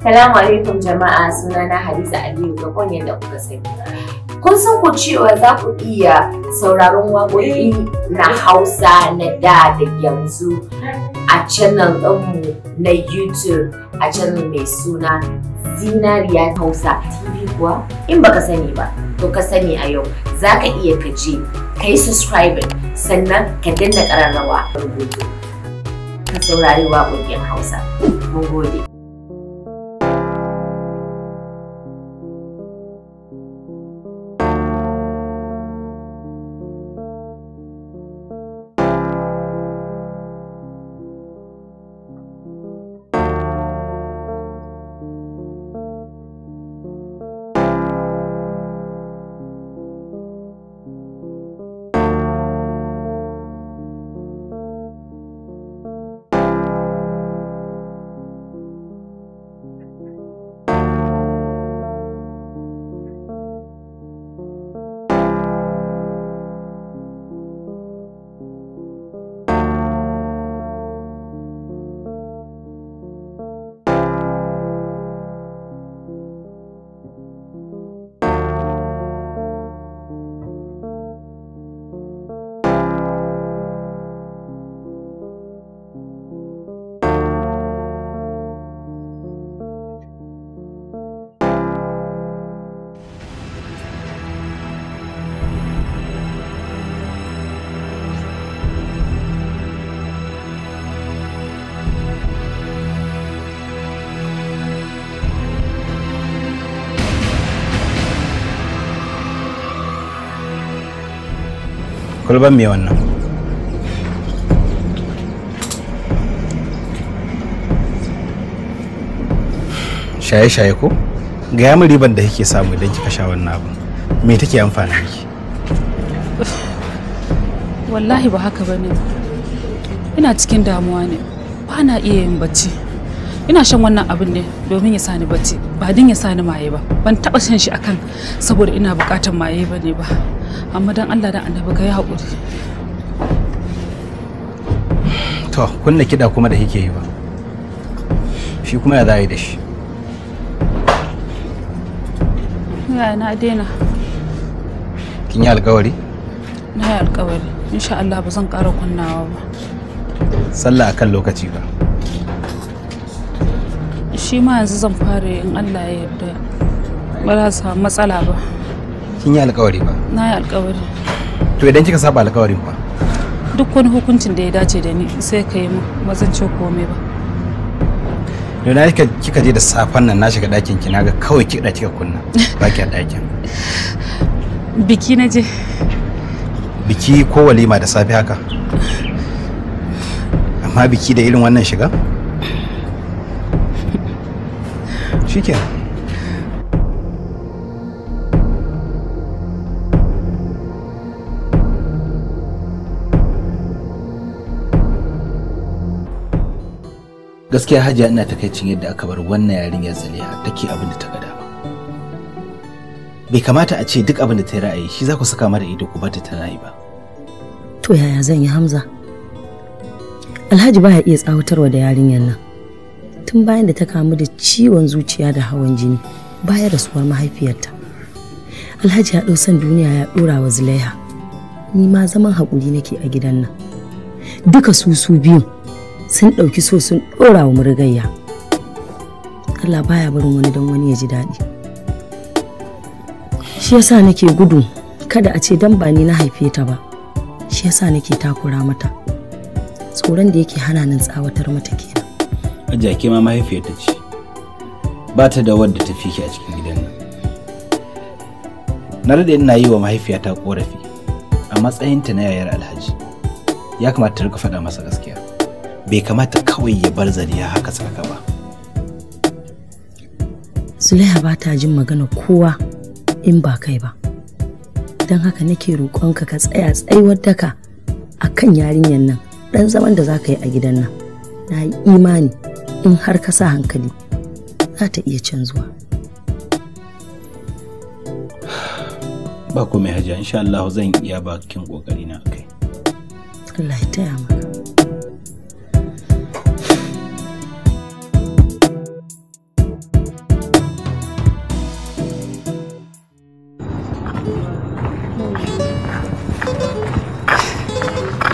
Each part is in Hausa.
Salamu alaikum jama'a sunana Hadiza Aliyu Gabon yadda kuka sani. Kun san ku cewa za ku iya sauraron waƙoƙi na eh. Hausa na da da yanzu a channel ɗinmu na YouTube a channel mai suna Zinariya Hausa TV kuwa in baka sani ba to ka sani a yau za ka iya ka je ka yi subscribe sannan ka danna ƙararrawa rubutu ka saurari waƙoƙin Hausa. Mun gode. kulban mai wannan shaye-shaye ko gaya min riban da kike samu idan kika sha wannan abin me take amfani ki wallahi ba haka ba ne ina cikin damuwa ne ba na iya yin bacci ina shan wannan abin ne domin ya sani bacci ba din ya sani maye ba ban taba shan shi akan saboda ina bukatan maye ba ne ba amma don allah da annabi ka yi haƙuri to kunna kiɗa kuma da kike yi ba shi kuma ya za yi da shi ya na daina kin yi alkawari na yi alkawari insha allah ba zan ƙara kunnawa ba sallah akan lokaci ba shi ma yanzu zan fara in allah ya yarda ba za su matsala ba kin yi alkawari ba na yi alkawari to idan kika saba alkawarin ba duk wani hukuncin da ya dace da ni sai ka yi mu zan ce komai ba da na kika je da safan nan na shiga ɗakin ki naga kawai kiɗa kika kunna ba ki ɗakin biki na je biki ko walima da safe haka amma biki da irin wannan shiga shikenan gaskiya hajiya ina takaicin yadda aka bar wannan yarinyar zaliha take abin da ta ga dama bai kamata a ce duk abin da ta yi ra'ayi shi za ku saka mara ido ku ba ta tana ba to yaya zan yi hamza alhaji baya iya tsawatarwa da yarinyar nan tun bayan da ta kamu da ciwon zuciya da hawan jini baya rasuwar mahaifiyarta alhaji ya ɗau san duniya ya ɗora wa zulaiha ni ma zaman hakuri nake a gidan nan duka su su biyu sun ɗauki so sun ɗora wa murigayya Allah baya barin wani don wani ya ji daɗi shi yasa nake gudu kada a ce dan ba ni na haife ta ba shi yasa nake takura mata tsoron da yake hana nan tsawatar mata ke a ke ma mahaifiyar ta ce ba ta da wadda ta fiki a cikin gidan nan na rade ina yi wa mahaifiyata korafi a matsayinta na yayar alhaji ya kamata ta rika faɗa masa gaskiya bai kamata kawai ya bar zariya haka tsaka ba Zulaiha ba ta jin magana kowa in ba kai ba don haka nake roƙonka ka tsaya tsayuwar daka a kan yarinyar nan ɗan zaman da za ka yi a gidan nan na yi imani in har ka sa hankali za ta iya canzuwa ba mai hajiya insha Allah zan iya bakin ƙoƙarina kai Allah ya taya maka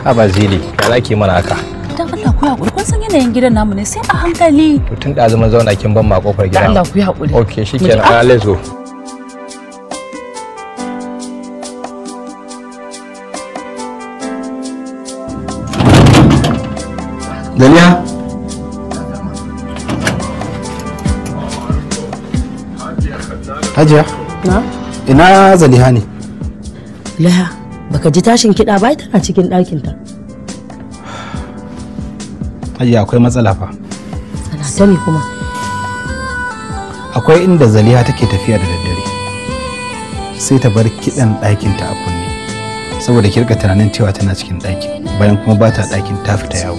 haba zili ya ke mana haka dan Allah ku hakuri kun san yanayin gidan namu ne sai a hankali tun da zaman zauna kin ban ma kofar gidan Allah ku hakuri okay shikenan a lezo Daniya Hajiya na ina Zaliha ne Laha baka ji tashin kiɗa ba tana cikin ɗakinta ya akwai matsala fa. kuma? Akwai inda Zaliha take tafiya da daddare. Sai ta bar kiɗan ɗakinta a kunne. Saboda kirka tunanin cewa tana cikin ɗakin bayan kuma ba ta ɗakin ta fita yawo.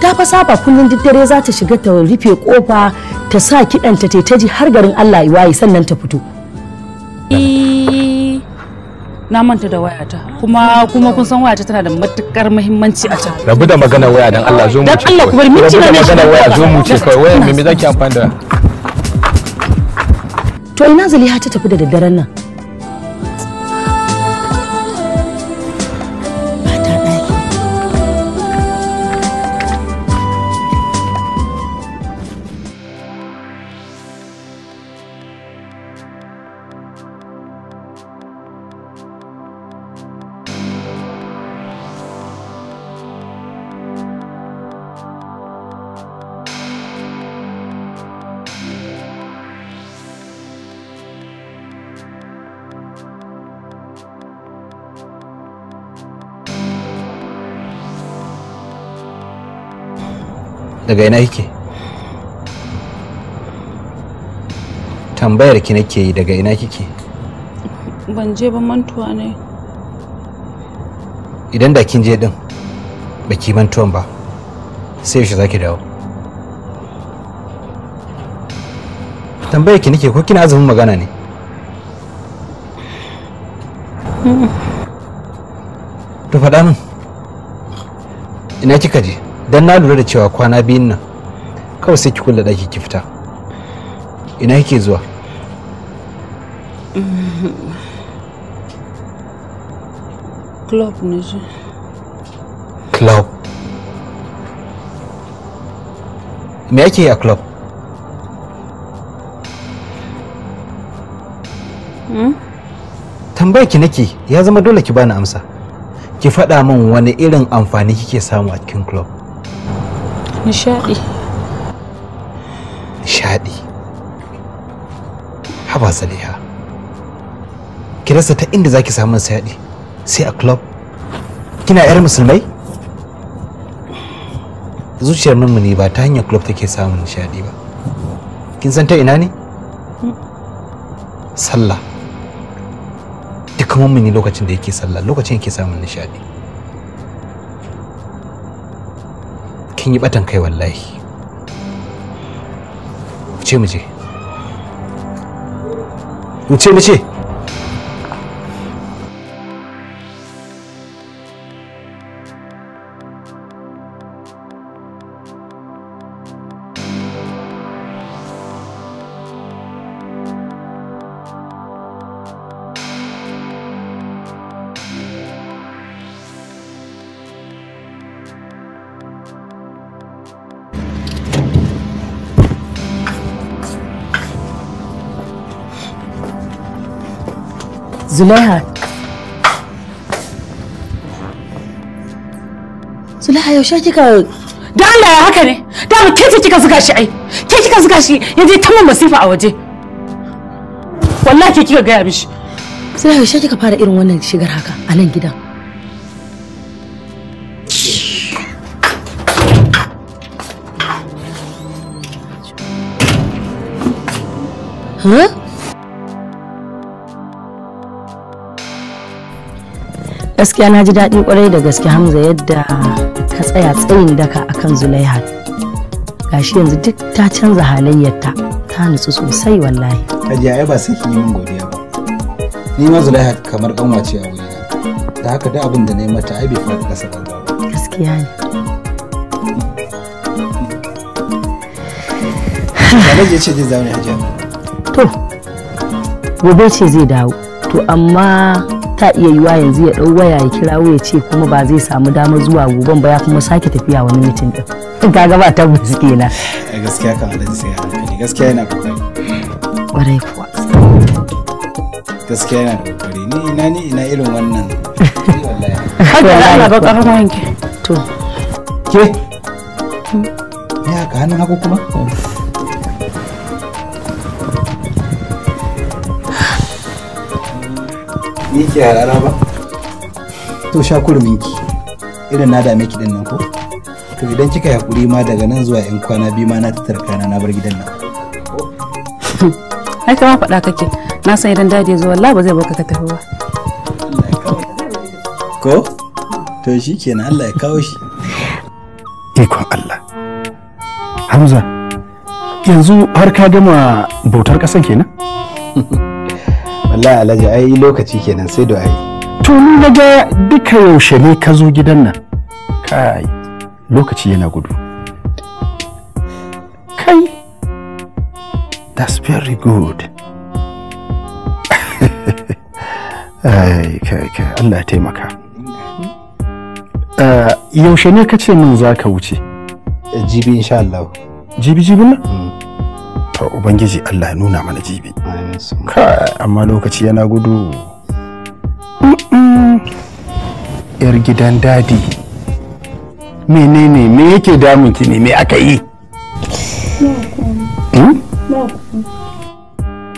Ta fa saba kullum duk dare za ta shiga ta rufe kofa ta sa kiɗanta ta ji har garin Allah ya waye sannan ta fito. na manta da wayata kuma kuma kun san wayata tana da matukar muhimmanci a can rabu da magana waya dan Allah zo mu dan Allah ku bar minti ci gaba magana waya zo mu ce kai waya me me zaki amfani da to ina zaliha ta tafi da daddaren nan daga ina kike tambayar ki nake yi daga ina kike ban je ba mantuwa ne idan da kin je din baki mantuwan ba sai yaushe zaki dawo tambayar ki nake ko kina azumin magana ne mm. to faɗa min ina kika je don na lura da cewa kwana biyun nan kawai sai ki kulle ɗaki ki fita ina kike zuwa club ne je club me yake yi a club hmm? tambaya ki nake ya zama dole ki bani amsa ki faɗa min wani irin amfani kike samu a cikin club Nishaɗi. nishadi Haba Zaliha. Ki rasa ta inda zaki samu nishadi sai a club. Kina 'yar musulmai? Zuciyar ne ba ta hanyar club take samun nishaɗi ba. Kin san ta ina ne? Sallah. Duk ne lokacin da yake sallah lokacin yake samun nishaɗi. kin yi batan kai wallahi ce mu je mu ce mu ce Zulaiha. Zulaiha yaushe kika da Allah ya haka ne da mu kece kika zuga shi ai ke kika zuga shi ya je ta mun masifa a waje wallahi ke kika gaya mishi Zulaiha yaushe kika fara irin wannan shigar haka a nan gidan Huh? gaskiya na ji daɗi kwarai da gaske hamza yadda ka tsaya tsayin daka akan zulaiha gashi yanzu duk ta canza halayyarta ta nutsu sosai wallahi kaji ai ba sai yi min godiya ba ni ma zulaiha kamar kanwace a wurina da haka da abin da na yi mata ai bai faɗi ƙasa ba gaskiya ne zai ce zai zaune a To, gobe ce zai dawo. To, amma ta iya yiwa yanzu ya ɗau waya ya kira ya ce kuma ba zai samu damar zuwa goben ba ya kuma sake tafiya wani mitin din kaga ba tabbas kenan eh, gaskiya kan halin sai hankali gaskiya yana kokari kwarai kuwa gaskiya yana kokari ni ina ni ina irin wannan haka Allah ba karama yanke to ke ne haka hannun haka kuma oh. Miki a harara ba to sha Miki, irin na dame ki din nan ko to idan kika hakuri ma daga nan zuwa yan kwana biyu ma na tattara kana na bar gidan nan ai kama faɗa kake na san idan dadi ya zo wallahi ba zai baka ka tafi ba ko to shi kenan Allah ya kawo shi ikon Allah Hamza yanzu har ka gama bautar ƙasan kenan wallahi alhaji ai lokaci kenan sai da ai to ni na duka yaushe ne ka zo gidan nan kai lokaci yana gudu kai that's very good ai kai kai Allah ya taimaka eh, yaushe ne ka ce min za ka wuce jibi insha Allah jibi jibin nan mm. to ubangiji Allah ya nuna mana jibi kai amma lokaci yana gudu yar gidan dadi menene me yake damun ki ne me aka yi hmm?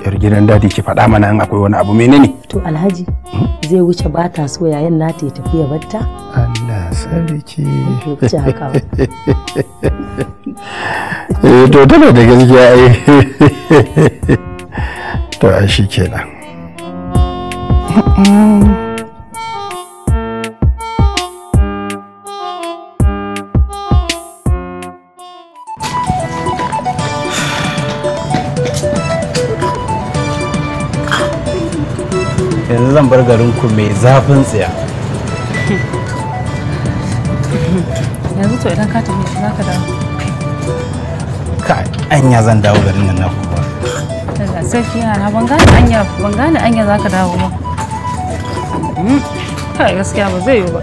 yar gidan dadi ki faɗa mana akwai wani abu menene to alhaji hmm? zai wuce ba ta so yayin na ta tafiya batta Allah sarki eh to tana da gaskiya eh to shi kenan yanzu zan bar garinku mai zafin tsaya yanzu to idan ka tafi za ka dawo kai anya zan dawo garin nan na kuwa sarki yana ban gane anya ban gane anya zaka dawo ba hmm, kai gaskiya ba zai yi ba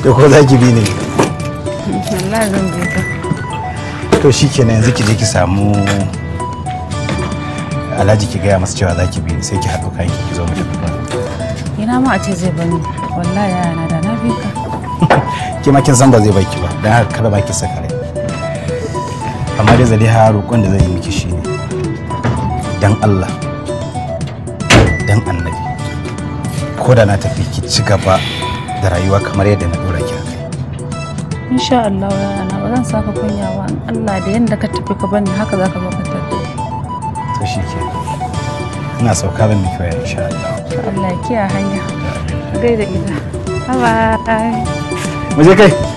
Da ko za ki bi ne Allah zan bi ka to shi shikenan yanzu ki je ki samu Alhaji ki gaya masa cewa za ki bi sai ki haɗu kayan ki zo mu tafi. Ina ma a ce zai bani wallahi yana da na bi ka. ke ma kin san ba zai baki ba dan haka kada baki saka rai amma dai zaliha roƙon da zan yi miki shine dan Allah dan annabi ko da na tafi ki ci gaba da rayuwa kamar yadda na dora ki akai insha Allah ya ana ba zan saka kunya ba Allah da yanda ka tafi ka bani haka zaka ka da to shike ina sauka ban miki waya insha Allah Allah kiya hanya gaida gida bye bye मुझे काय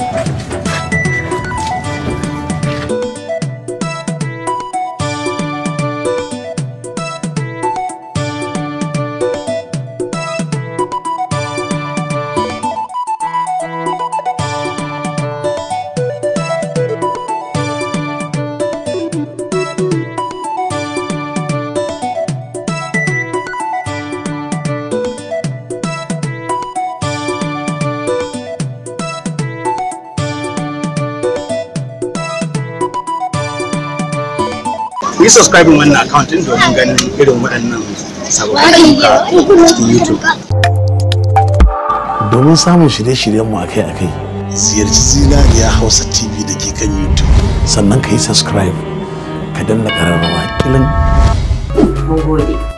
ku yi subscribing wannan account din domin ganin irin waɗannan sababbin ayyuka cikin YouTube. Domin samun shirye-shiryenmu akai-akai, ziyarci Zinariya Hausa TV da ke kan YouTube. Sannan ka yi subscribe, ka danna ƙararrawa kilin. Mun gode.